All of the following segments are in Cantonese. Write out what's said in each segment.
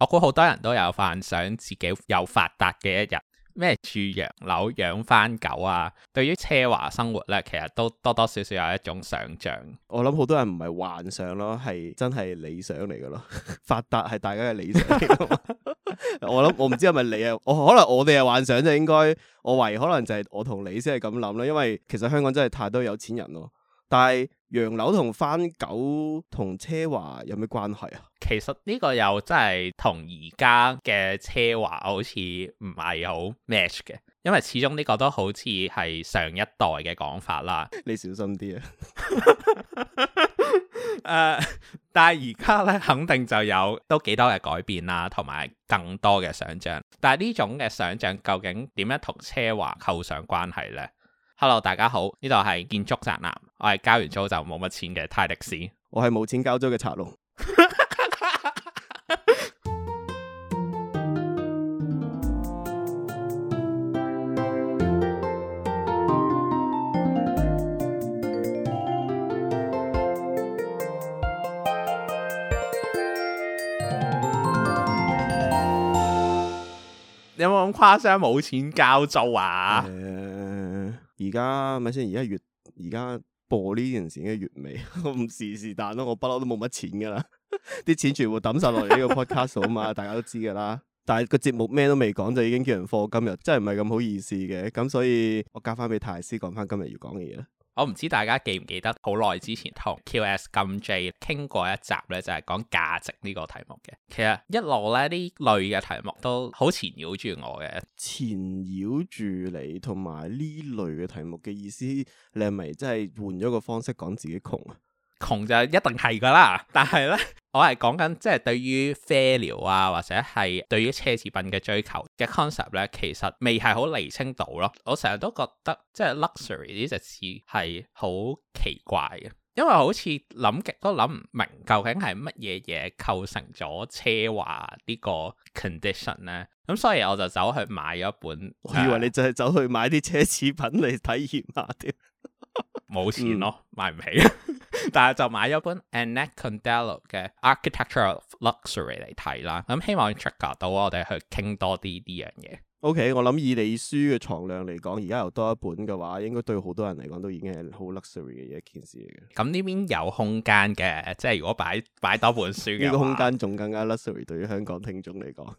我估好多人都有幻想自己有發達嘅一日，咩住洋樓、養翻狗啊！對於奢華生活咧，其實都多多少少有一種想象。我諗好多人唔係幻想咯，係真係理想嚟噶咯。發達係大家嘅理想。我諗我唔知係咪你啊，我可能我哋嘅幻想就應該我懷疑可能就係我同你先係咁諗咯。因為其實香港真係太多有錢人咯。但係洋樓同番狗同奢華有咩關係啊？其實呢個又真係同而家嘅奢華好似唔係好 match 嘅，因為始終呢個都好似係上一代嘅講法啦。你小心啲啊！誒 呃，但係而家咧肯定就有都幾多嘅改變啦，同埋更多嘅想象。但係呢種嘅想象究竟點樣同奢華構上關係咧？Hello，大家好，呢度係建築宅男，我係交完租就冇乜錢嘅泰迪士，我係冇錢交租嘅賊龍。有冇咁誇張，冇錢交租啊？ 而家咪先，而家越而家播呢件事嘅月尾，我唔是是但咯，我不嬲都冇乜錢噶啦，啲錢全部抌晒落嚟呢個 podcast 啊嘛， 大家都知噶啦。但係個節目咩都未講，就已經叫人貨今日，真係唔係咁好意思嘅。咁所以我交翻俾泰斯講翻今日要講嘅嘢啦。我唔知大家記唔記得好耐之前同 Q.S. 金 J 傾過一集咧，就係、是、講價值呢個題目嘅。其實一路咧呢類嘅題目都好纏繞住我嘅。纏繞住你同埋呢類嘅題目嘅意思，你係咪真係換咗個方式講自己窮啊？窮就一定係噶啦，但係咧， 我係講緊即係對於 failure 啊，或者係對於奢侈品嘅追求嘅 concept 咧，其實未係好釐清到咯。我成日都覺得即係 luxury 呢隻字係好奇怪嘅，因為好似諗極都諗唔明究竟係乜嘢嘢構成咗奢華呢個 condition 咧。咁所以我就走去買咗一本，就是、我以為你就係走去買啲奢侈品嚟體驗下添，冇 錢咯，買唔起。 但係就買咗本 Annette Condello 嘅 Architecture of Luxury 嚟睇啦，咁希望 trigger 到我哋去傾多啲呢樣嘢。OK，我諗以你書嘅藏量嚟講，而家又多一本嘅話，應該對好多人嚟講都已經係好 luxury 嘅一件事嚟嘅。咁呢邊有空間嘅，即係如果擺擺多本書嘅，呢 個空間仲更加 luxury 對於香港聽眾嚟講。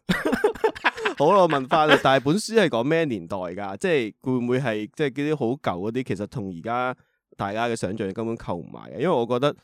好啦，我問返啦， 但係本書係講咩年代噶？即係會唔會係即係嗰啲好舊嗰啲，其實同而家？大家嘅想像根本扣唔埋，嘅，因為我覺得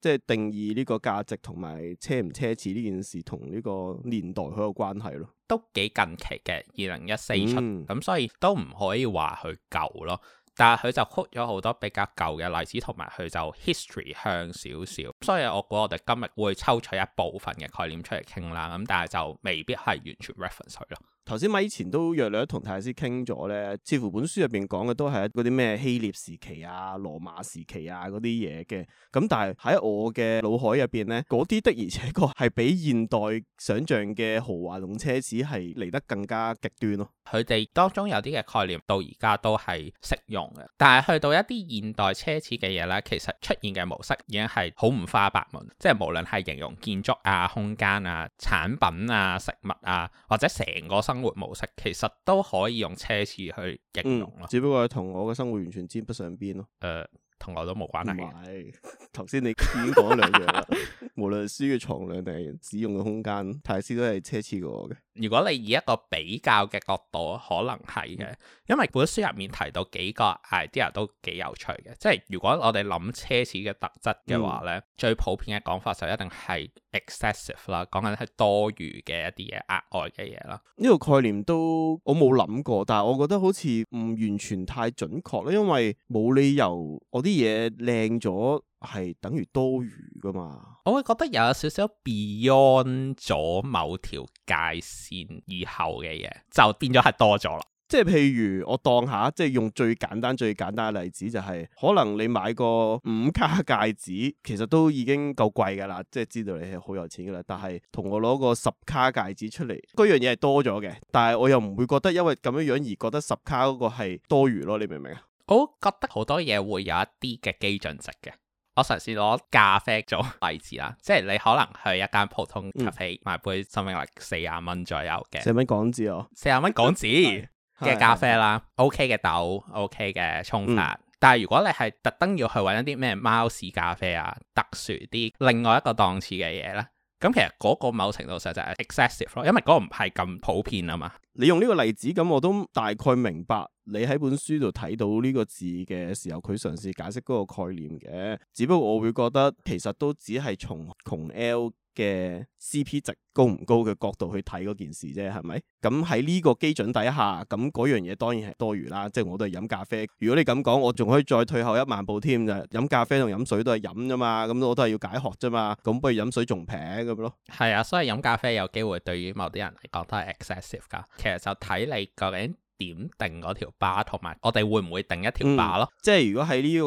即係定義呢個價值同埋奢唔奢侈呢件事，同呢個年代佢有關係咯，都幾近期嘅二零一四出，咁、嗯、所以都唔可以話佢舊咯。但係佢就 cut 咗好多比較舊嘅例子，同埋佢就 history 向少少，所以我估我哋今日會抽取一部分嘅概念出嚟傾啦。咁但係就未必係完全 reference 佢咯。頭先咪以前都約略同太師傾咗咧，似乎本書入邊講嘅都係嗰啲咩希臘時期啊、羅馬時期啊嗰啲嘢嘅。咁但係喺我嘅腦海入邊咧，嗰啲的而且確係比現代想像嘅豪華用奢侈係嚟得更加極端咯、啊。佢哋當中有啲嘅概念到而家都係適用嘅，但係去到一啲現代奢侈嘅嘢咧，其實出現嘅模式已經係好唔花白文，即、就、係、是、無論係形容建築啊、空間啊、產品啊、食物啊，或者成個生生活模式其實都可以用奢侈去形容啦、嗯，只不過同我嘅生活完全沾不上邊咯。呃同我都冇關係。唔係，頭先你已經講咗兩樣啦。 無論書嘅重量定係使用嘅空間，泰斯都係奢侈過我嘅。如果你以一個比較嘅角度，可能係嘅，因為本書入面提到幾個 idea 都幾有趣嘅。即係如果我哋諗奢侈嘅特質嘅話咧，嗯、最普遍嘅講法就一定係 excessive 啦，講緊係多餘嘅一啲嘢、額外嘅嘢啦。呢個概念都我冇諗過，但係我覺得好似唔完全太準確咧，因為冇理由我啲。啲嘢靚咗係等於多餘噶嘛？我會覺得有少少 beyond 咗某條界綫以後嘅嘢，就變咗係多咗啦。即係譬如我當下，即係用最簡單、最簡單嘅例子，就是，就係可能你買個五卡戒指，其實都已經夠貴噶啦，即係知道你係好有錢噶啦。但係同我攞個十卡戒指出嚟，嗰樣嘢係多咗嘅，但係我又唔會覺得因為咁樣樣而覺得十卡嗰個係多餘咯？你明唔明啊？我覺得好多嘢會有一啲嘅基準值嘅。我嘗試攞咖啡做例子啦，即係你可能去一間普通咖啡、嗯、買杯，甚至係四十蚊左右嘅。四十蚊港紙哦。四十蚊港紙嘅 咖啡啦 ，OK 嘅豆，OK 嘅沖法。嗯、但係如果你係特登要去揾一啲咩貓屎咖啡啊，特殊啲，另外一個檔次嘅嘢呢。咁其實嗰個某程度上就係 excessive 咯，因為嗰個唔係咁普遍啊嘛。你用呢個例子，咁我都大概明白你喺本書度睇到呢個字嘅時候，佢嘗試解釋嗰個概念嘅。只不過我會覺得其實都只係從窮 L 嘅 CP 值高唔高嘅角度去睇嗰件事啫，係咪？咁喺呢個基準底下，咁嗰樣嘢當然係多餘啦。即係我都係飲咖啡。如果你咁講，我仲可以再退後一萬步添，就飲咖啡同飲水都係飲啫嘛，咁我都係要解渴啫嘛。咁不如飲水仲平咁咯。係啊，所以飲咖啡有機會對於某啲人嚟講都係 excessive 噶。其實就睇你究竟點定嗰條 bar，同埋我哋會唔會定一條 bar 咯？即係如果喺呢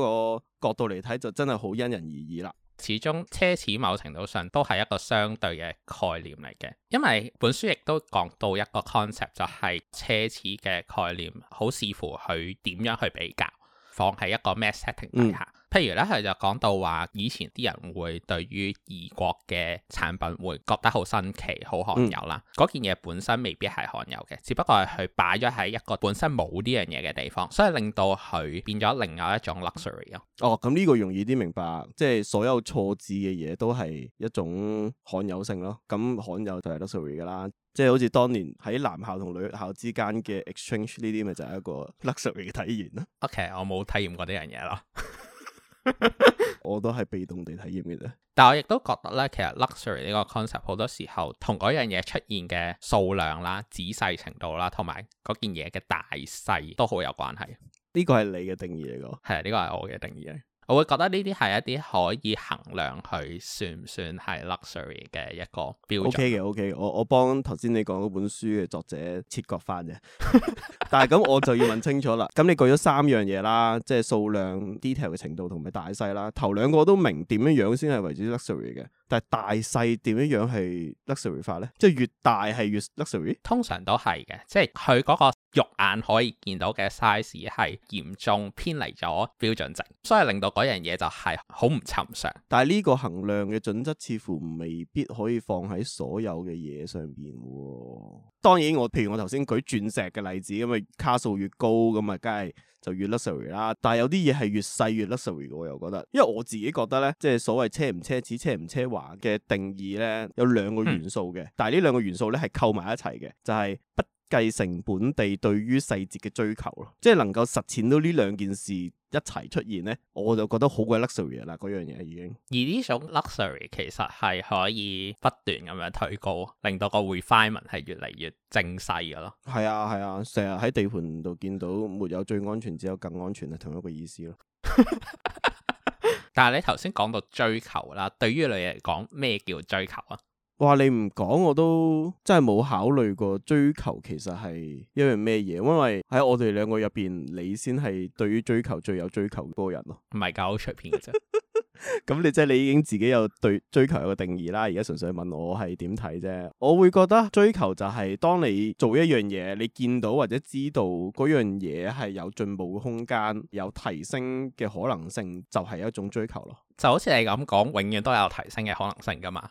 個角度嚟睇，就真係好因人而異啦。始終奢侈某程度上都係一個相對嘅概念嚟嘅，因為本書亦都講到一個 concept 就係奢侈嘅概念，好視乎佢點樣去比較。講係一個咩 setting 底下，嗯、譬如咧佢就講到話，以前啲人會對於異國嘅產品會覺得好新奇、好罕有啦。嗰、嗯、件嘢本身未必係罕有嘅，只不過係佢擺咗喺一個本身冇呢樣嘢嘅地方，所以令到佢變咗另外一種 luxury 咯。哦，咁、嗯、呢、這個容易啲明白，即係所有錯置嘅嘢都係一種罕有性咯。咁罕有就係 luxury 噶啦。即係好似當年喺男校同女校之間嘅 exchange 呢啲，咪就係一個 luxury 嘅體驗咯。OK，我冇體驗過呢樣嘢咯， 我都係被動地體驗嘅啫。但係我亦都覺得咧，其實 luxury 呢個 concept 好多時候同嗰樣嘢出現嘅數量啦、仔細程度啦，同埋嗰件嘢嘅大細都好有關係。呢個係你嘅定義嚟個？係啊，呢個係我嘅定義。我會覺得呢啲係一啲可以衡量佢算唔算係 luxury 嘅一個標準。OK 嘅，OK，我我幫頭先你講嗰本書嘅作者切割翻。啫 但係咁我就要問清楚啦。咁 你舉咗三樣嘢啦，即係數量、detail 嘅程度同埋大細啦。頭兩個我都明，點樣樣先係為之 luxury 嘅。但係大細點樣樣係 luxury 化咧？即係越大係越 luxury？通常都係嘅，即係佢嗰個肉眼可以見到嘅 size 係嚴重偏離咗標準值，所以令到嗰樣嘢就係好唔尋常。但係呢個衡量嘅準則似乎未必可以放喺所有嘅嘢上邊。當然我，我譬如我頭先舉鑽石嘅例子，咁啊卡數越高，咁啊梗係，就越 luxury 啦，但係有啲嘢係越細越 luxury 嘅，我又覺得，因為我自己覺得咧，即係所謂奢唔奢侈、奢唔奢華嘅定義咧，有兩個元素嘅，但係呢兩個元素咧係扣埋一齊嘅，就係、不計成本地對於細節嘅追求咯，即係能夠實踐到呢兩件事一齊出現呢我就覺得好鬼 luxury 啦，嗰樣嘢已經。而呢種 luxury 其實係可以不斷咁樣推高，令到個 refinement 係越嚟越精細噶咯。係啊係啊，成日喺地盤度見到沒有最安全，只有更安全係同一個意思咯。 但係你頭先講到追求啦，對於你嚟講咩叫追求啊？.話，你唔講我都真係冇考慮過追求其實係一樣咩嘢，因為喺我哋兩個入邊，你先係對於追求最有追求嗰個人咯。唔係搞好隨便嘅啫。咁 你即係你已經自己有對追求有個定義啦，而家純粹問我係點睇啫。我會覺得追求就係當你做一樣嘢，你見到或者知道嗰樣嘢係有進步嘅空間，有提升嘅可能性，就係、是、一種追求咯。就好似你咁講，永遠都有提升嘅可能性噶嘛，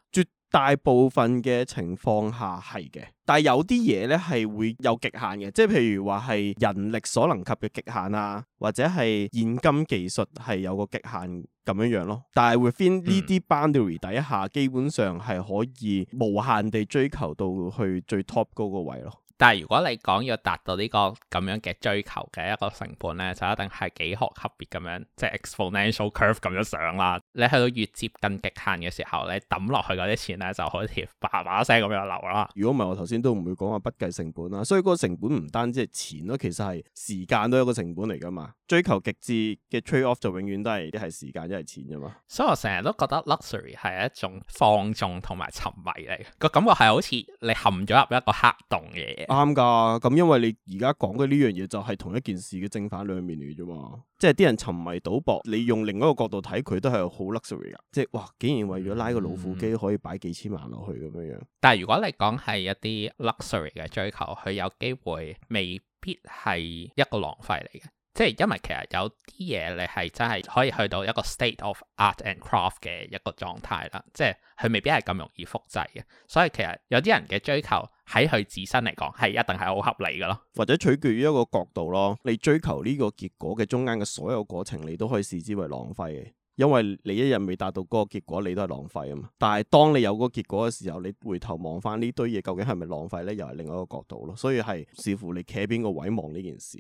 大部分嘅情況下係嘅，但係有啲嘢咧係會有極限嘅，即係譬如話係人力所能及嘅極限啊，或者係現今技術係有個極限咁樣樣咯。但係 within 呢啲 boundary 底下，基本上係可以無限地追求到去最 top 嗰個位咯。但係，如果你講要達到呢個咁樣嘅追求嘅一個成本咧，就一定係幾何級別咁樣，即係 exponential curve 咁樣上啦。你去到越接近極限嘅時候你抌落去嗰啲錢咧，就好似叭叭聲咁樣流啦。如果唔係，我頭先都唔會講話不計成本啦。所以個成本唔單止係錢咯，其實係時間都係一個成本嚟㗎嘛。追求極致嘅 trade off 就永遠都係一係時間，一係錢咋嘛。所以我成日都覺得 luxury 係一種放縱同埋沉迷嚟嘅個感覺，係好似你陷咗入一個黑洞嘅嘢。啱噶，咁因為你而家講嘅呢樣嘢就係同一件事嘅正反兩面嚟嘅啫嘛，即係啲人沉迷賭博，你用另一個角度睇佢都係好 luxury 嘅，即係哇，竟然為咗拉個老虎機、嗯、可以擺幾千萬落去咁樣樣。但係如果你講係一啲 luxury 嘅追求，佢有機會未必係一個浪費嚟嘅。即係因為其實有啲嘢你係真係可以去到一個 state of art and craft 嘅一個狀態啦，即係佢未必係咁容易複製嘅，所以其實有啲人嘅追求喺佢自身嚟講係一定係好合理㗎咯。或者取決於一個角度咯，你追求呢個結果嘅中間嘅所有過程，你都可以視之為浪費嘅，因為你一日未達到嗰個結果，你都係浪費啊嘛。但係當你有嗰個結果嘅時候，你回頭望翻呢堆嘢究竟係咪浪費咧，又係另外一個角度咯。所以係視乎你企喺邊個位望呢件事。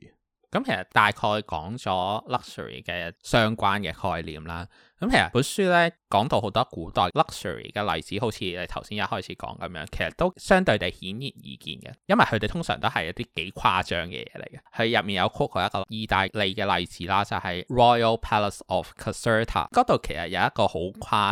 咁其實大概講咗 luxury 嘅相關嘅概念啦。咁其實本書咧講到好多古代 luxury 嘅例子，好似你頭先一開始講咁樣，其實都相對地顯而易見嘅，因為佢哋通常都係一啲幾誇張嘅嘢嚟嘅。佢入面有講過一個意大利嘅例子啦，就係、是、Royal Palace of Caserta，嗰度其實有一個好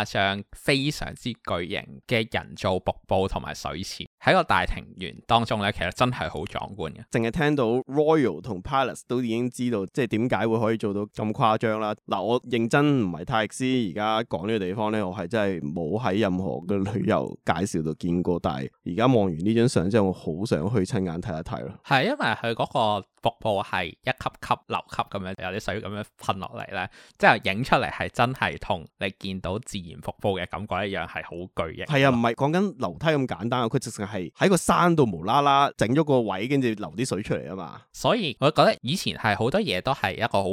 誇張、非常之巨型嘅人造瀑布同埋水池，喺一個大庭園當中咧，其實真係好壯觀嘅。淨係聽到 Royal 同 Palace 都已經知道，即係點解會可以做到咁誇張啦。嗱、啊，我認真唔係太。知而家講呢個地方咧，我係真係冇喺任何嘅旅遊介紹度見過。但係而家望完呢張相之後，我好想去親眼睇一睇咯。係因為佢嗰個瀑布係一級級流級咁樣，有啲水咁樣噴落嚟咧，即係影出嚟係真係同你見到自然瀑布嘅感覺一樣，係好巨型。係啊，唔係講緊樓梯咁簡單，佢直情係喺個山度無啦啦整咗個位，跟住流啲水出嚟啊嘛。所以我覺得以前係好多嘢都係一個好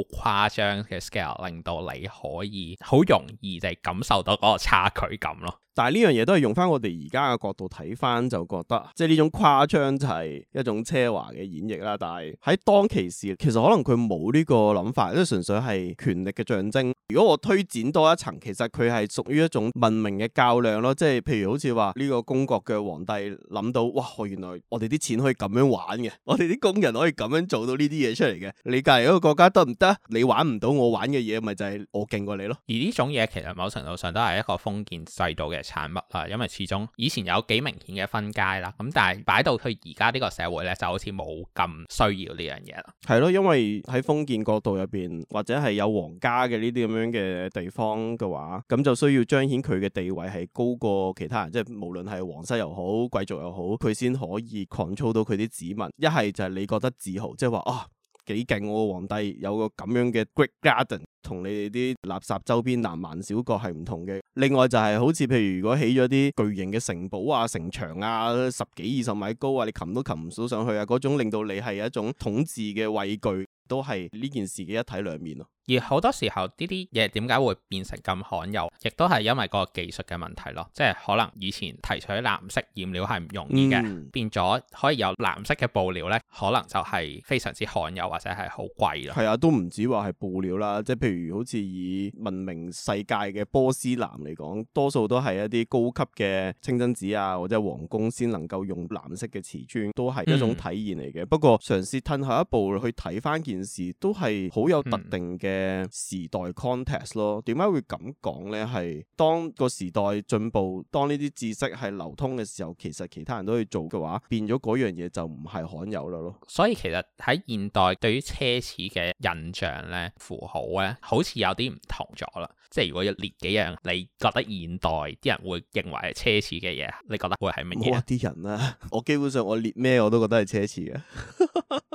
誇張嘅 scale，令到你可以。好容易就係感受到嗰個差距感咯。但係呢樣嘢都係用翻我哋而家嘅角度睇翻，就覺得即係呢種誇張就係一種奢華嘅演繹啦。但係喺當其時，其實可能佢冇呢個諗法，即係純粹係權力嘅象徵。如果我推展多一層，其實佢係屬於一種文明嘅較量咯。即係譬如好似話呢個公國嘅皇帝諗到，哇！原來我哋啲錢可以咁樣玩嘅，我哋啲工人可以咁樣做到呢啲嘢出嚟嘅。你隔籬個一個國家得唔得？你玩唔到我玩嘅嘢，咪就係我勁過你咯。而呢種嘢其實某程度上都係一個封建制度嘅產物啦，因為始終以前有幾明顯嘅分界啦，咁但係擺到去而家呢個社會咧，就好似冇咁需要呢樣嘢啦。係咯，因為喺封建國度入邊，或者係有皇家嘅呢啲咁樣嘅地方嘅話，咁就需要彰顯佢嘅地位係高過其他人，即係無論係皇室，又好貴族又好，佢先可以 control 到佢啲子民。一係就係你覺得自豪，即係話啊，幾勁我個皇帝有個咁樣嘅 great garden。同你哋啲垃圾周邊南蠻小國係唔同嘅。另外就係好似譬如如果起咗啲巨型嘅城堡啊、城牆啊，十幾二十米高啊，你擒都擒唔到上去啊，嗰種令到你係一種統治嘅畏懼，都係呢件事嘅一體兩面啊。而好多時候，呢啲嘢點解會變成咁罕有，亦都係因為個技術嘅問題咯。即係可能以前提取藍色染料係唔容易嘅，嗯、變咗可以有藍色嘅布料咧，可能就係非常之罕有或者係好貴啦。係啊，都唔止話係布料啦，即係譬如好似以文明世界嘅波斯藍嚟講多數都係一啲高級嘅清真寺啊，或者皇宮先能夠用藍色嘅瓷磚都係一種體現嚟嘅。不過嘗試褪後一步去睇翻件事，都係好有特定嘅。嗯嗯嘅時代 context 咯，點解會咁講呢？係當個時代進步，當呢啲知識係流通嘅時候，其實其他人都去做嘅話，變咗嗰樣嘢就唔係罕有啦咯。所以其實喺現代對於奢侈嘅印象呢，符號咧，好似有啲唔同咗啦。即係如果列幾樣你覺得現代啲人會認為係奢侈嘅嘢，你覺得會係乜嘢？啲人啦，我基本上我列咩我都覺得係奢侈嘅。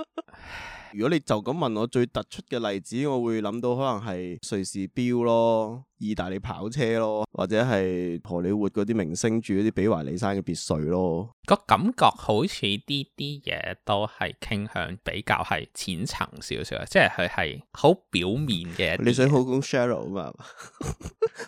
如果你就咁問我最突出嘅例子，我會諗到可能係瑞士錶咯。意大利跑車咯，或者係荷里活嗰啲明星住嗰啲比華利山嘅別墅咯。個感覺好似啲啲嘢都係傾向比較係淺層少少，即係佢係好表面嘅。 你想好講 shallow 啊嘛？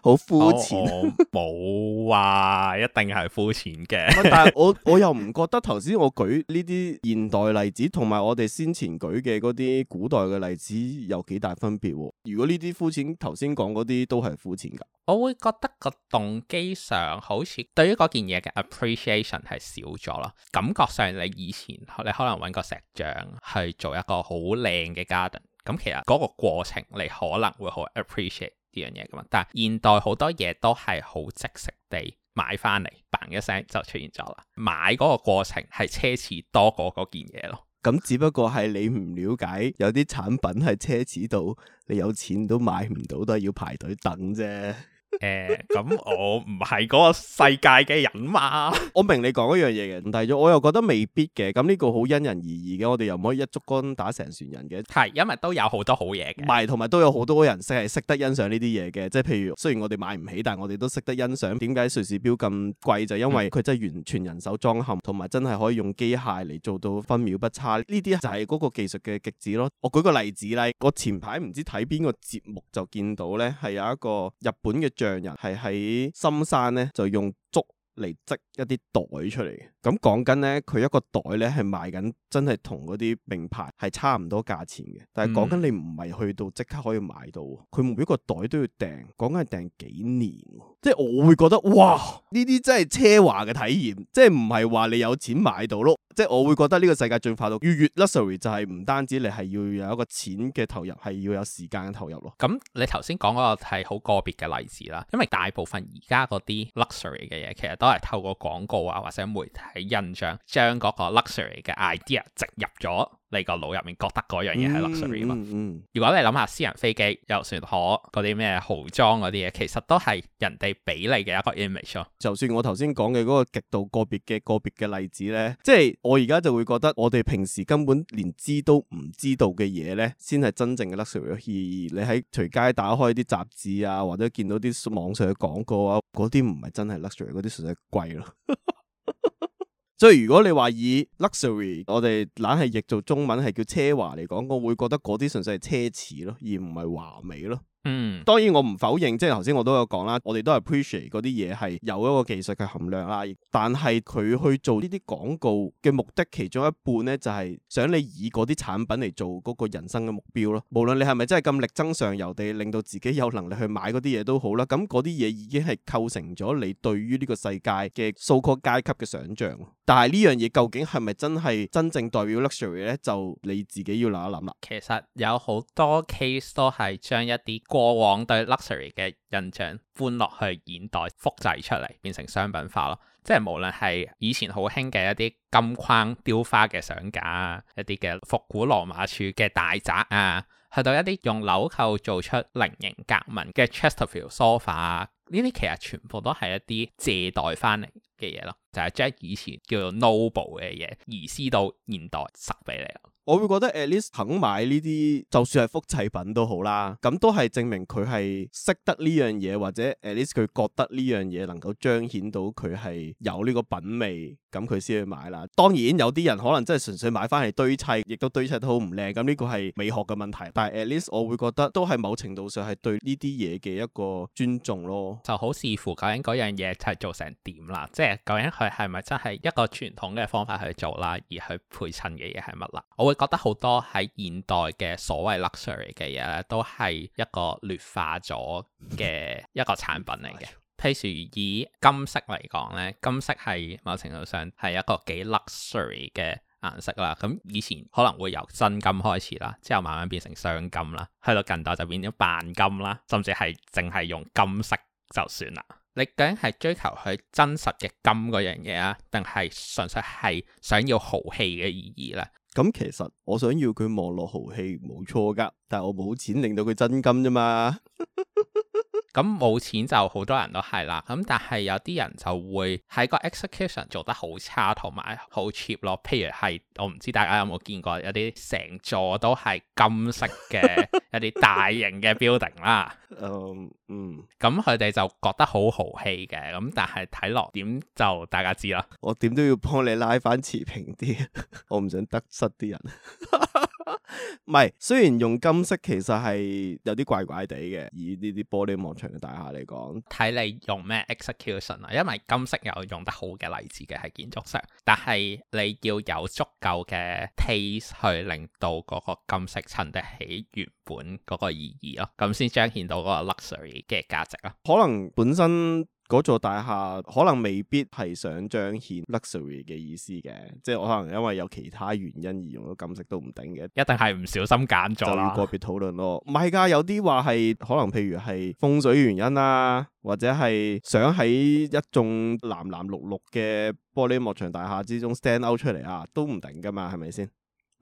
好膚淺？冇、 哦、啊，一定係膚淺嘅。 但係我我又唔覺得頭先我舉呢啲現代例子，同埋我哋先前舉嘅嗰啲古代嘅例子有幾大分別喎、啊？如果呢啲膚淺頭先講嗰啲都係。付錢噶，我會覺得個動機上好似對於嗰件嘢嘅 appreciation 係少咗咯。感覺上你以前你可能搵個石匠去做一個好靚嘅 garden，咁其實嗰個過程你可能會好 appreciate 呢樣嘢噶嘛。但係現代好多嘢都係好即食地買翻嚟，砰一聲就出現咗啦。買嗰個過程係奢侈多過嗰件嘢咯。咁只不過係你唔了解，有啲產品係奢侈到你有錢都買唔到，都係要排隊等啫。誒，咁、欸嗯、我唔係嗰個世界嘅人嘛？ 我明你講一樣嘢嘅，但係我又覺得未必嘅。咁呢個好因人而異嘅，我哋又唔可以一竹竿打成船人嘅。係，因為都有好多好嘢嘅，唔係同埋都有好多人識係識得欣賞呢啲嘢嘅。即係譬如，雖然我哋買唔起，但係我哋都識得欣賞。點解瑞士錶咁貴？就因為佢真係完全人手裝嵌，同埋真係可以用機械嚟做到分秒不差。呢啲就係嗰個技術嘅極致咯。我舉個例子咧，我前排唔知睇邊個節目就見到呢係有一個日本嘅。匠人係喺深山咧，就用竹嚟織一啲袋出嚟嘅。咁講緊咧，佢一個袋咧係賣緊，真係同嗰啲名牌係差唔多價錢嘅。但係講緊你唔係去到即刻可以買到，佢每一個袋都要訂，講緊係訂幾年，即係我會覺得哇，呢啲真係奢華嘅體驗，即係唔係話你有錢買到咯。即係我會覺得呢個世界進化到越越 luxury 就係唔單止你係要有一個錢嘅投入，係要有時間嘅投入咯。咁、嗯、你頭先講嗰個係好個別嘅例子啦，因為大部分而家嗰啲 luxury 嘅嘢其實都係透過廣告啊或者媒體印象，將嗰個 luxury 嘅 idea 植入咗。你個腦入面覺得嗰樣嘢係 luxury 嘛？嗯，嗯。如果你諗下私人飛機遊船河嗰啲咩豪裝嗰啲嘢，其實都係人哋俾你嘅一個 image。就算我頭先講嘅嗰個極度個別嘅個別嘅例子呢，即係我而家就會覺得我哋平時根本連知都唔知道嘅嘢呢，先係真正嘅 luxury。而你喺隨街打開啲雜誌啊，或者見到啲網上嘅廣告啊，嗰啲唔係真係 luxury，嗰啲實在貴咯。 所以如果你話以 luxury，我哋懶係譯做中文係叫奢華嚟講，我會覺得嗰啲純粹係奢侈咯，而唔係華美咯。嗯，當然我唔否認，即係頭先我都有講啦，我哋都係 appreciate 嗰啲嘢係有一個技術嘅含量啦。但係佢去做呢啲廣告嘅目的其中一半呢，就係想你以嗰啲產品嚟做嗰個人生嘅目標咯。無論你係咪真係咁力爭上游地令到自己有能力去買嗰啲嘢都好啦，咁嗰啲嘢已經係構成咗你對於呢個世界嘅數個階級嘅想像。但係呢樣嘢究竟係咪真係真正代表 luxury 呢？就你自己要諗一諗啦。其實有好多 case 都係將一啲過往對 luxury 嘅印象搬落去現代複製出嚟，變成商品化咯。即係無論係以前好興嘅一啲金框雕花嘅相架、一啲嘅復古羅馬柱嘅大宅啊，去到一啲用紐扣做出菱形格紋嘅 Chesterfield sofa 呢啲，啊，其實全部都係一啲借代翻嚟嘅嘢咯。就係將以前叫做 noble 嘅嘢移師到現代，塞俾你咯。我會覺得 at least 肯買呢啲，就算係複製品都好啦。咁都係證明佢係識得呢樣嘢，或者 at least 佢覺得呢樣嘢能夠彰顯到佢係有呢個品味，咁佢先去買啦。當然有啲人可能真係純粹買翻嚟堆砌，亦都堆砌得好唔靚，咁呢個係美學嘅問題。但係 at least 我會覺得都係某程度上係對呢啲嘢嘅一個尊重咯。就好視乎究竟嗰樣嘢就係做成點啦，即係究竟。係咪真係一個傳統嘅方法去做啦？而去配襯嘅嘢係乜啦？我會覺得好多喺現代嘅所謂 luxury 嘅嘢咧，都係一個劣化咗嘅一個產品嚟嘅。譬 如以金色嚟講咧，金色係某程度上係一個幾 luxury 嘅顏色啦。咁以前可能會由真金開始啦，之後慢慢變成雙金啦，去到近代就變咗扮金啦，甚至係淨係用金色就算啦。你究竟係追求佢真實嘅金嗰樣嘢啊，定係純粹係想要豪氣嘅意義咧？咁、嗯、其實我想要佢望落豪氣冇錯噶。但我冇錢令到佢真金啫嘛，咁冇錢就好多人都係啦，咁但係有啲人就會喺個 execution 做得好差，同埋好 cheap 咯。譬如係我唔知大家有冇見過有啲成座都係金色嘅一啲大型嘅 building 啦。嗯、 um，嗯，咁佢哋就覺得好豪氣嘅，咁但係睇落點就大家知啦。我點都要幫你拉翻持平啲， 我唔想得失啲人。 唔係， 雖然用金色其實係有啲怪怪地嘅。以呢啲玻璃幕牆嘅大廈嚟講，睇你用咩 execution 啊，因為金色有用得好嘅例子嘅係建築上。但係你要有足夠嘅 taste 去令到嗰個金色襯得起原本嗰個意義咯，咁先彰顯到嗰個 luxury 嘅價值啦。可能本身。嗰座大廈可能未必係想彰顯 luxury 嘅意思嘅，即係我可能因為有其他原因而用到金色都唔定嘅，一定係唔小心揀咗啦。個別討論咯，唔係噶，有啲話係可能譬如係風水原因啊，或者係想喺一眾藍藍綠綠嘅玻璃幕牆大廈之中 stand out 出嚟啊，都唔定噶嘛，係咪先？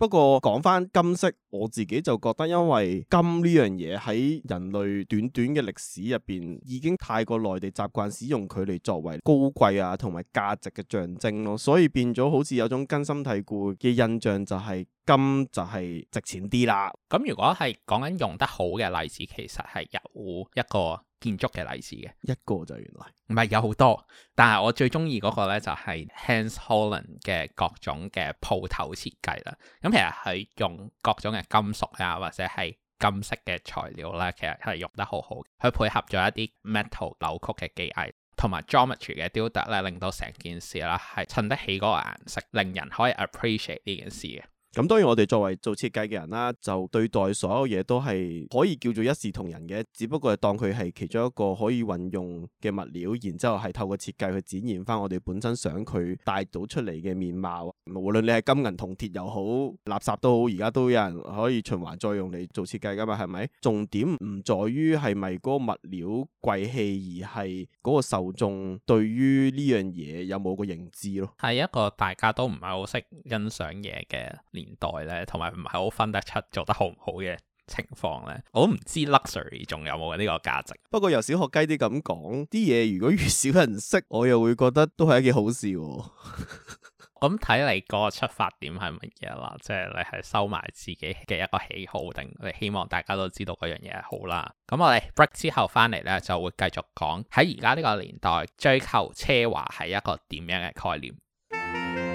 不過講翻金色，我自己就覺得，因為金呢樣嘢喺人類短短嘅歷史入邊已經太過內地習慣使用佢嚟作為高貴啊、同埋價值嘅象徵咯，所以變咗好似有種根深蒂固嘅印象就係、是。金就係值錢啲啦。咁如果係講緊用得好嘅例子，其實係有一個建築嘅例子嘅。一個就原來唔係有好多，但係我最中意嗰個咧就係、是、Hans Hollein 嘅各種嘅鋪頭設計啦。咁其實係用各種嘅金屬啊，或者係金色嘅材料咧，其實係用得好好。佢配合咗一啲 metal 扭曲嘅技藝，同埋 Geometry 嘅雕特咧，令到成件事啦係襯得起嗰個顏色，令人可以 appreciate 呢件事嘅。咁當然我哋作為做設計嘅人啦，就對待所有嘢都係可以叫做一視同仁嘅，只不過係當佢係其中一個可以運用嘅物料，然之後係透過設計去展現翻我哋本身想佢帶到出嚟嘅面貌。無論你係金銀銅鐵又好，垃圾都好，而家都有人可以循環再用嚟做設計㗎嘛，係咪？重點唔在於係咪嗰個物料貴氣，而係嗰個受眾對於呢樣嘢有冇個認知咯。係一個大家都唔係好識欣賞嘢嘅年代咧，同埋唔係好分得出做得好唔好嘅情況咧，我唔知 luxury 仲有冇呢個價值。不過由小學雞啲咁講啲嘢，如果越少人識，我又會覺得都係一件好事啊。咁睇你個出發點係乜嘢啦？即係你係收埋自己嘅一個喜好，定你希望大家都知道嗰樣嘢好啦。咁我哋 break 之後翻嚟咧，就會繼續講喺而家呢個年代追求奢華係一個點樣嘅概念。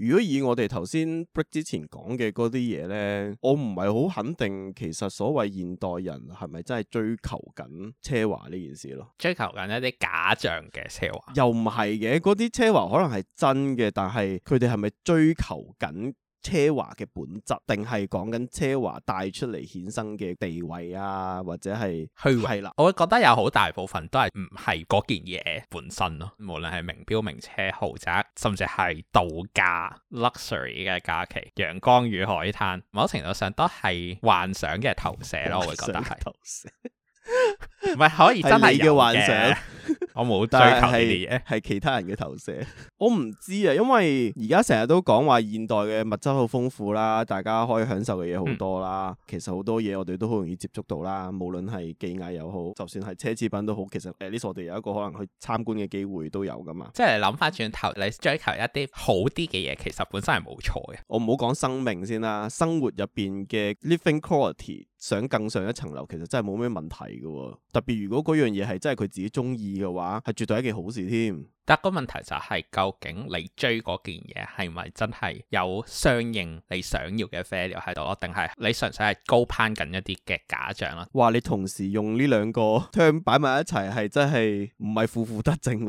如果以我哋頭先 break 之前講嘅嗰啲嘢呢，我唔係好肯定其實所謂現代人係咪真係追求緊奢華呢件事咯？追求緊一啲假象嘅奢華，又唔係嘅，嗰啲奢華可能係真嘅，但係佢哋係咪追求緊？奢華嘅本質，定係講緊奢華帶出嚟衍生嘅地位啊，或者係虛榮。啦榮，了我會覺得有好大部分都係唔係嗰件嘢本身咯。無論係名錶、名車、豪宅，甚至係度假 luxury 嘅假期、陽光與海灘，某程度上都係幻想嘅投射咯。我會覺得係。 唔係可以真係嘅幻想， 我冇追求啲嘢，係其他人嘅投射。 我唔知啊，因為而家成日都講話現代嘅物質好豐富啦，大家可以享受嘅嘢好多啦。嗯、其實好多嘢我哋都好容易接觸到啦。無論係技藝又好，就算係奢侈品都好，其實誒呢我哋有一個可能去參觀嘅機會都有噶嘛。即係諗翻轉頭，你追求一啲好啲嘅嘢，其實本身係冇錯嘅。我唔好講生命先啦，生活入邊嘅 living quality 想更上一層樓，其實真係冇咩問題噶。特別如果嗰樣嘢係真係佢自己中意嘅話，係絕對一件好事添。但係個問題就係、是，究竟你追嗰件嘢係咪真係有相應你想要嘅 value 喺度咯？定係你純粹係高攀緊一啲嘅假象啦？哇！你同時用呢兩個 term 擺埋一齊，係真係唔係負負得正，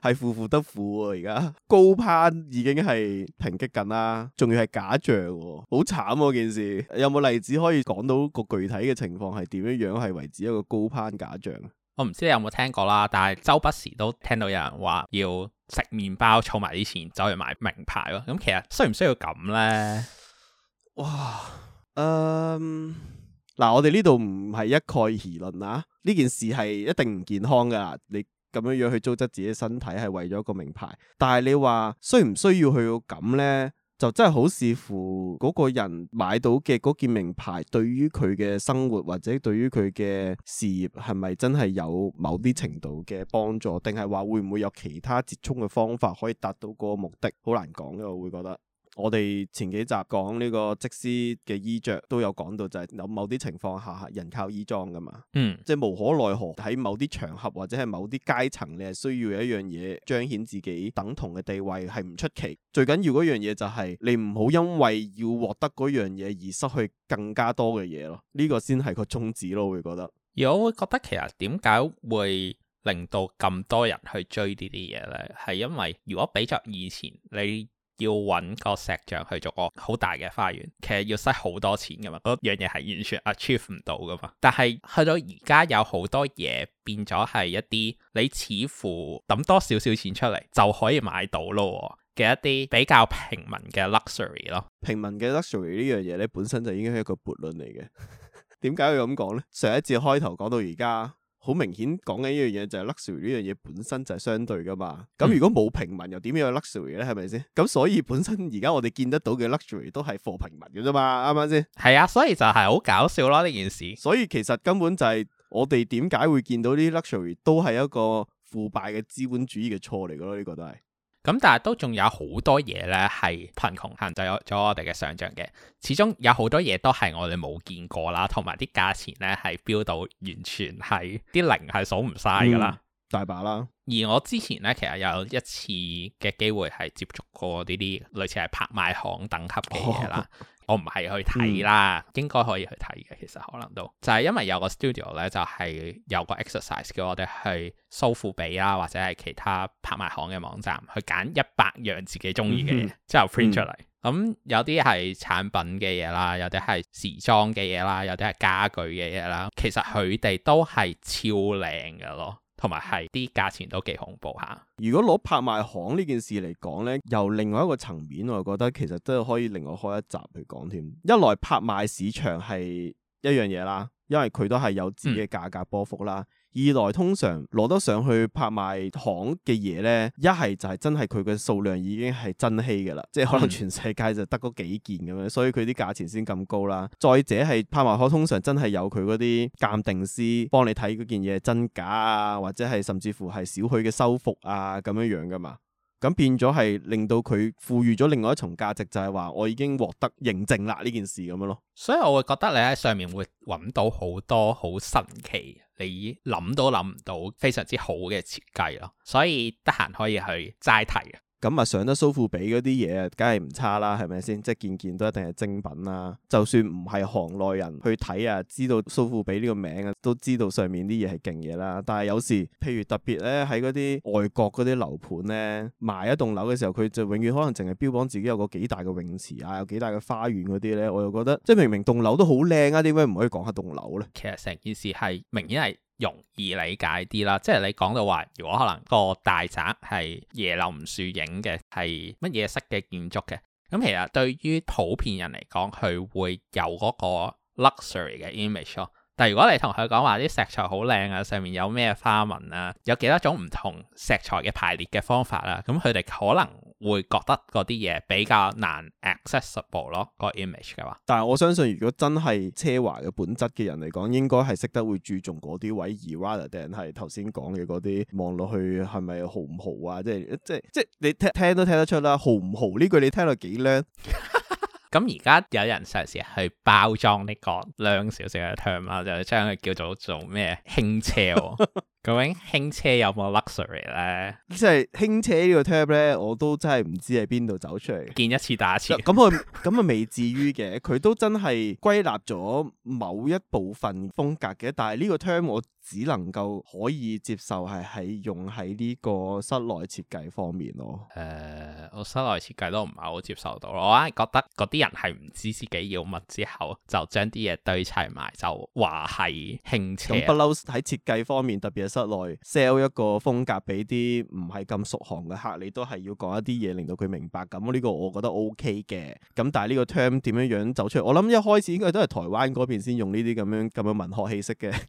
係負負得負啊！而家高攀已經係抨擊緊啦，仲要係假象，好慘喎！件事有冇例子可以講到個具體嘅情況係點樣樣？係維持一個高攀假象？我唔知你有冇聽過啦，但係周不時都聽到有人話要食麵包儲埋啲錢走去買名牌咯。咁、嗯、其實需唔需要咁呢？哇，嗯、呃，嗱，我哋呢度唔係一概而論啊。呢件事係一定唔健康噶，你咁樣樣去糟質自己身體係為咗個名牌。但係你話需唔需要去到咁呢？就真係好視乎嗰個人買到嘅嗰件名牌，對於佢嘅生活或者對於佢嘅事業係咪真係有某啲程度嘅幫助，定係話會唔會有其他折衷嘅方法可以達到嗰個目的？好難講嘅，我會覺得。我哋前幾集講呢個則師嘅衣着都有講到，就係有某啲情況下，人靠衣裝㗎嘛，嗯，即係無可奈何喺某啲場合或者係某啲階層，你係需要一樣嘢彰顯自己等同嘅地位係唔出奇。最緊要嗰樣嘢就係你唔好因為要獲得嗰樣嘢而失去更加多嘅嘢咯。呢、這個先係個宗旨咯，會覺得。而我會覺得其實點解會令到咁多人去追呢啲嘢呢？係因為如果比較以前你。要揾個石像去做個好大嘅花園，其實要使好多錢噶嘛，嗰樣嘢係完全 achieve 唔到噶嘛。但係去到而家有好多嘢變咗係一啲你似乎抌多少少錢出嚟就可以買到咯嘅一啲比較平民嘅 luxury 咯。平民嘅 luxury 呢樣嘢咧，本身就應該係一個悖論嚟嘅。點 解會咁講呢？上一節開頭講到而家。好明顯講緊依樣嘢就係 luxury 呢樣嘢本身就係相對噶嘛，咁如果冇平民又點樣 luxury 咧？係咪先？咁所以本身而家我哋見得到嘅 luxury 都係富平民嘅啫嘛，啱唔啱先？係啊，所以就係好搞笑咯、啊、呢件事。所以其實根本就係我哋點解會見到啲 luxury 都係一個腐敗嘅資本主義嘅錯嚟嘅咯，呢、這個都係。咁但係都仲有好多嘢呢，係貧窮限制咗我哋嘅想象嘅。始終有好多嘢都係我哋冇見過啦，同埋啲價錢呢係飆到完全係啲零係數唔晒噶啦、嗯，大把啦。而我之前呢，其實有一次嘅機會係接觸過呢啲類似係拍賣行等級嘅嘢啦。哦我唔係去睇啦，應該可以去睇嘅。其實可能都就係、是、因為有個 studio 咧，就係、是、有個 exercise 叫我哋去蘇富比啦，或者係其他拍賣行嘅網站去揀一百樣自己中意嘅嘢，嗯、哼之後 print 出嚟。咁、嗯哼嗯、有啲係產品嘅嘢啦，有啲係時裝嘅嘢啦，有啲係家具嘅嘢啦。其實佢哋都係超靚㗎咯。同埋係啲價錢都幾恐怖吓。如果攞拍賣行呢件事嚟講呢，由另外一個層面，我又覺得其實都係可以另外開一集去講添。一來拍賣市場係一樣嘢啦。因為佢都係有自己嘅價格波幅啦。嗯、二來通常攞得上去拍賣行嘅嘢咧，一係就係真係佢嘅數量已經係珍稀噶啦，即係可能全世界就得嗰幾件咁樣，嗯、所以佢啲價錢先咁高啦。再者係拍賣行通常真係有佢嗰啲鑑定師幫你睇嗰件嘢真假啊，或者係甚至乎係少許嘅修復啊咁樣樣噶嘛。咁變咗係令到佢賦予咗另外一重價值，就係話我已經獲得認證啦呢件事咁樣咯，所以我會覺得你喺上面會揾到好多好神奇，你諗都諗唔到非常之好嘅設計咯，所以得閒可以去齋睇。咁啊、嗯，上得蘇富比嗰啲嘢啊，梗係唔差啦，係咪先？即係件件都一定係精品啦。就算唔係行內人去睇啊，知道蘇富比呢個名啊，都知道上面啲嘢係勁嘢啦。但係有時，譬如特別咧，喺嗰啲外國嗰啲樓盤咧，賣一棟樓嘅時候，佢就永遠可能淨係標榜自己有個幾大嘅泳池啊，有幾大嘅花園嗰啲咧，我就覺得即係明明棟樓都好靚啊，點解唔可以講下棟樓咧？其實成件事係明顯係，容易理解啲啦，即係你講到話，如果可能個大宅係椰林樹影嘅，係乜嘢式嘅建築嘅，咁其實對於普遍人嚟講，佢會有嗰個 luxury 嘅 image 咯。但如果你同佢講話啲石材好靚啊，上面有咩花紋啊，有幾多種唔同石材嘅排列嘅方法啦、啊，咁佢哋可能會覺得嗰啲嘢比較難 accessible 咯，個 image 嘅話。但係我相信，如果真係奢華嘅本質嘅人嚟講，應該係識得會注重嗰啲位，而 rather 定係頭先講嘅嗰啲望落去係咪豪唔豪啊？即係即係即係你聽聽都聽得出啦，豪唔豪呢句你聽落幾靚？ 咁而家有人嘗試去包裝呢個靚少少嘅 term 啊，就將佢叫做做咩輕奢喎、哦？ 究竟輕奢有冇 luxury 咧？即係輕奢呢個 term 咧，我都真係唔知喺邊度走出嚟。見一次打一次。咁佢咁啊未至於嘅，佢 都真係歸納咗某一部分風格嘅，但係呢個 term 我。只能夠可以接受，係喺用喺呢個室內設計方面咯。誒、呃，我室內設計都唔係好接受到咯。我覺得嗰啲人係唔知自己要乜之後，就將啲嘢堆砌埋，就話係興趣。咁不嬲。喺設計方面，特別係室內 sell 一個風格俾啲唔係咁熟行嘅客，你都係要講一啲嘢令到佢明白。咁呢個我覺得 OK 嘅。咁但係呢個 term 點樣樣走出嚟？我諗一開始應該都係台灣嗰邊先用呢啲咁樣咁樣文學氣息嘅。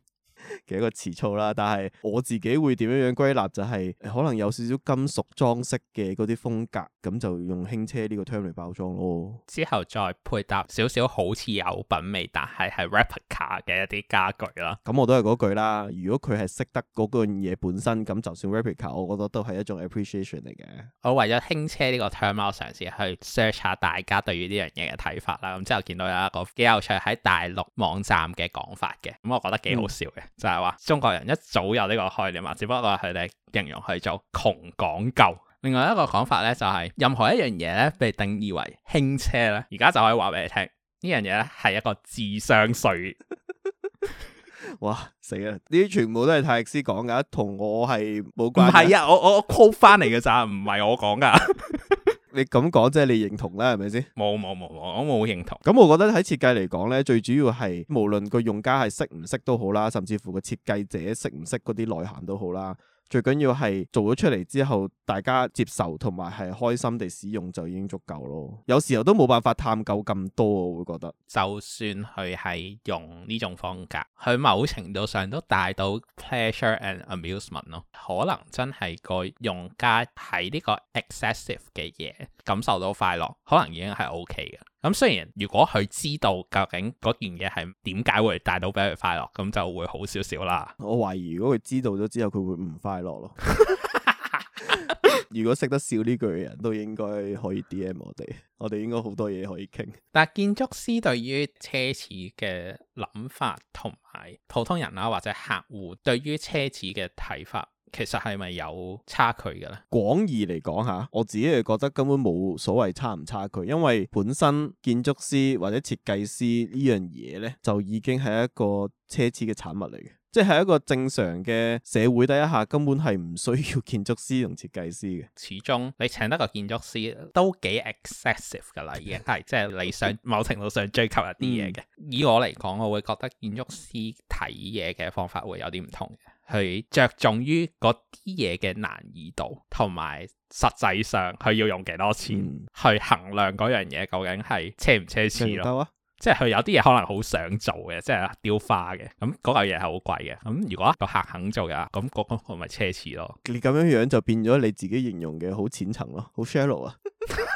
嘅 一個詞組啦，但係我自己會點樣樣歸納就係可能有少少金屬裝飾嘅嗰啲風格，咁就用輕奢呢個 term 嚟包裝咯。之後再配搭少少好似有品味，但係係 replica 嘅一啲家具啦。咁、嗯、我都係嗰句啦，如果佢係識得嗰樣嘢本身，咁就算 replica，我覺得都係一種 appreciation 嚟嘅。我、哦、為咗輕奢呢個 term，我嘗試去 search 下大家對於呢樣嘢嘅睇法啦。咁之後見到有一個幾有趣喺大陸網站嘅講法嘅，咁我覺得幾好笑嘅。嗯就係話中國人一早有呢個概念啊，只不過佢哋形容去做窮講究。另外一個講法咧就係、是，任何一樣嘢咧被定義為輕奢咧，而家就可以話俾你聽，呢樣嘢咧係一個智商稅。 哇，死啦！呢啲全部都係泰迪斯講噶，同我係冇關係。係啊，我我 call 翻嚟嘅咋，唔係我講噶。 你咁講即係你認同啦，係咪先？冇冇冇冇，我冇認同。咁我覺得喺設計嚟講咧，最主要係無論個用家係識唔識都好啦，甚至乎個設計者識唔識嗰啲內涵都好啦。最緊要係做咗出嚟之後，大家接受同埋係開心地使用就已經足夠咯。有時候都冇辦法探究咁多，我會覺得就算佢係用呢種風格，佢某程度上都帶到 pleasure and amusement 咯。可能真係個用家睇呢個 excessive 嘅嘢，感受到快樂，可能已經係 OK 嘅。咁雖然如果佢知道究竟嗰件嘢係點解會帶到俾佢快樂，咁就會好少少啦。我懷疑如果佢知道咗之後，佢會唔快樂咯。 如果識得笑呢句嘅人都應該可以 DM 我哋，我哋應該好多嘢可以傾。但係建築師對於奢侈嘅諗法，同埋普通人啦、啊、或者客戶對於奢侈嘅睇法。其實係咪有差距嘅咧？廣義嚟講吓，我自己係覺得根本冇所謂差唔差距，因為本身建築師或者設計師呢樣嘢咧，就已經係一個奢侈嘅產物嚟嘅，即係一個正常嘅社會底下，根本係唔需要建築師同設計師嘅。始終你請得個建築師都幾 excessive 㗎喇，係 即係你想某程度上追求一啲嘢嘅。嗯、以我嚟講，我會覺得建築師睇嘢嘅方法會有啲唔同。佢着重於嗰啲嘢嘅難易度，同埋實際上佢要用幾多錢、嗯、去衡量嗰樣嘢究竟係奢唔奢侈咯？即係佢有啲嘢可能好想做嘅，即係雕花嘅，咁嗰嚿嘢係好貴嘅。咁如果個、啊、客肯做嘅，咁嗰個咪奢侈咯？你咁樣樣就變咗你自己形容嘅好淺層咯，好 shallow 啊！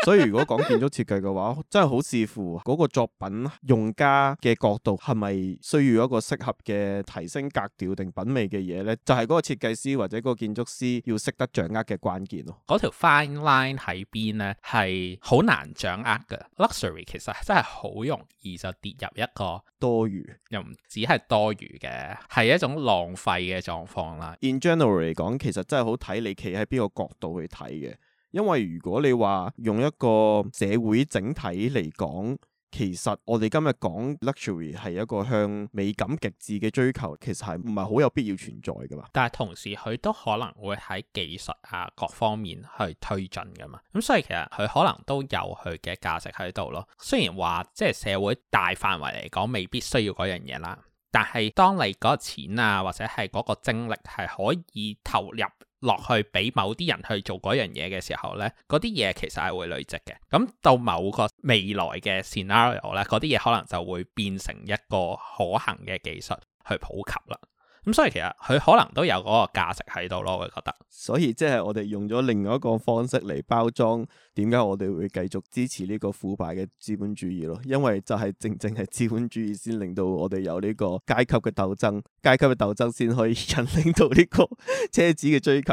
所以如果講建築設計嘅話，真係好視乎嗰、嗰個作品用家嘅角度係咪需要一個適合嘅提升格調定品味嘅嘢呢？就係、係、嗰個設計師或者嗰個建築師要識得掌握嘅關鍵咯。嗰條 fine line 喺邊呢？係好難掌握嘅 luxury 其實真係好容易就跌入一個多餘餘，又唔只係多餘嘅，係一種浪費嘅狀況啦。In general 嚟講，其實真係好睇你企喺邊個角度去睇嘅。因為如果你話用一個社會整體嚟講，其實我哋今日講 luxury 係一個向美感極致嘅追求，其實係唔係好有必要存在噶嘛？但係同時佢都可能會喺技術啊各方面去推進噶嘛，咁所以其實佢可能都有佢嘅價值喺度咯。雖然話即係社會大範圍嚟講未必需要嗰樣嘢啦，但係當你嗰個錢啊或者係嗰個精力係可以投入落去俾某啲人去做嗰樣嘢嘅時候，呢嗰啲嘢其實係會累積嘅。咁到某個未來嘅 scenario 咧，嗰啲嘢可能就會變成一個可行嘅技術去普及啦。咁所以其實佢可能都有嗰個價值喺度咯，我覺得。所以即係我哋用咗另外一個方式嚟包裝，點解我哋會繼續支持呢個腐敗嘅資本主義咯？因為就係正正係資本主義先令到我哋有呢個階級嘅鬥爭，階級嘅鬥爭先可以引領到呢個奢 侈嘅追求。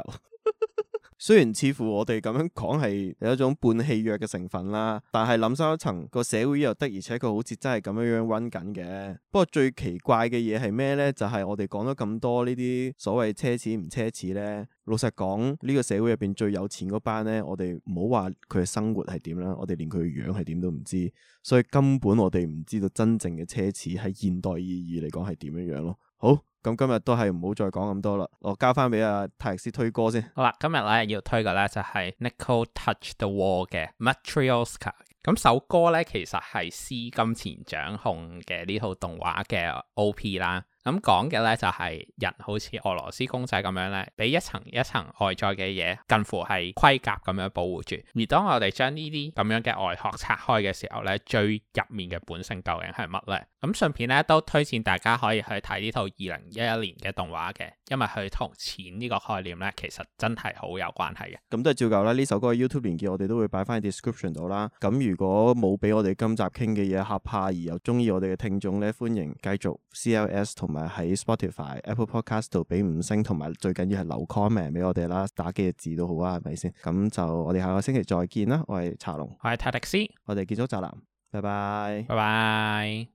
雖然似乎我哋咁樣講係有一種半戲謔嘅成分啦，但係諗深一層個社會又得，而且佢好似真係咁樣樣溫緊嘅。不過最奇怪嘅嘢係咩呢？就係、是、我哋講咗咁多呢啲所謂奢侈唔奢侈呢，老實講呢、呢個社會入邊最有錢嗰班呢，我哋唔好話佢嘅生活係點啦，我哋連佢嘅樣係點都唔知，所以根本我哋唔知道真正嘅奢侈喺現代意義嚟講係點樣樣咯。好，咁、嗯、今日都係唔好再講咁多啦，我交翻俾阿泰斯推歌先。好啦，今日咧要推嘅咧就係、是、NICO Touches the Walls 嘅 Matryoshka。咁首歌咧其實係《C《金錢掌控》嘅呢套動畫嘅 OP 啦。咁講嘅咧就係、是、人好似俄羅斯公仔咁樣咧，俾一層一層外在嘅嘢，近乎係盔甲咁樣保護住。而當我哋將呢啲咁樣嘅外殼拆開嘅時候咧，最入面嘅本性究竟係乜咧？咁順便咧都推薦大家可以去睇呢套二零一一年嘅動畫嘅，因為佢同錢呢個概念咧其實真係好有關係嘅。咁都係照舊啦，呢首歌 YouTube 連結我哋都會擺翻喺 description 度啦。咁、嗯、如果冇俾我哋今集傾嘅嘢嚇怕而又中意我哋嘅聽眾咧，歡迎繼續 CLS 同。喺 Spotify、Sp ify, Apple Podcast 度俾五星，同埋最緊要係留 comment 俾我哋啦，打幾隻字都好啊，係咪先？咁就我哋下個星期再見啦。我係茶龍，我係泰迪斯，我哋結束宅男，拜拜，拜拜。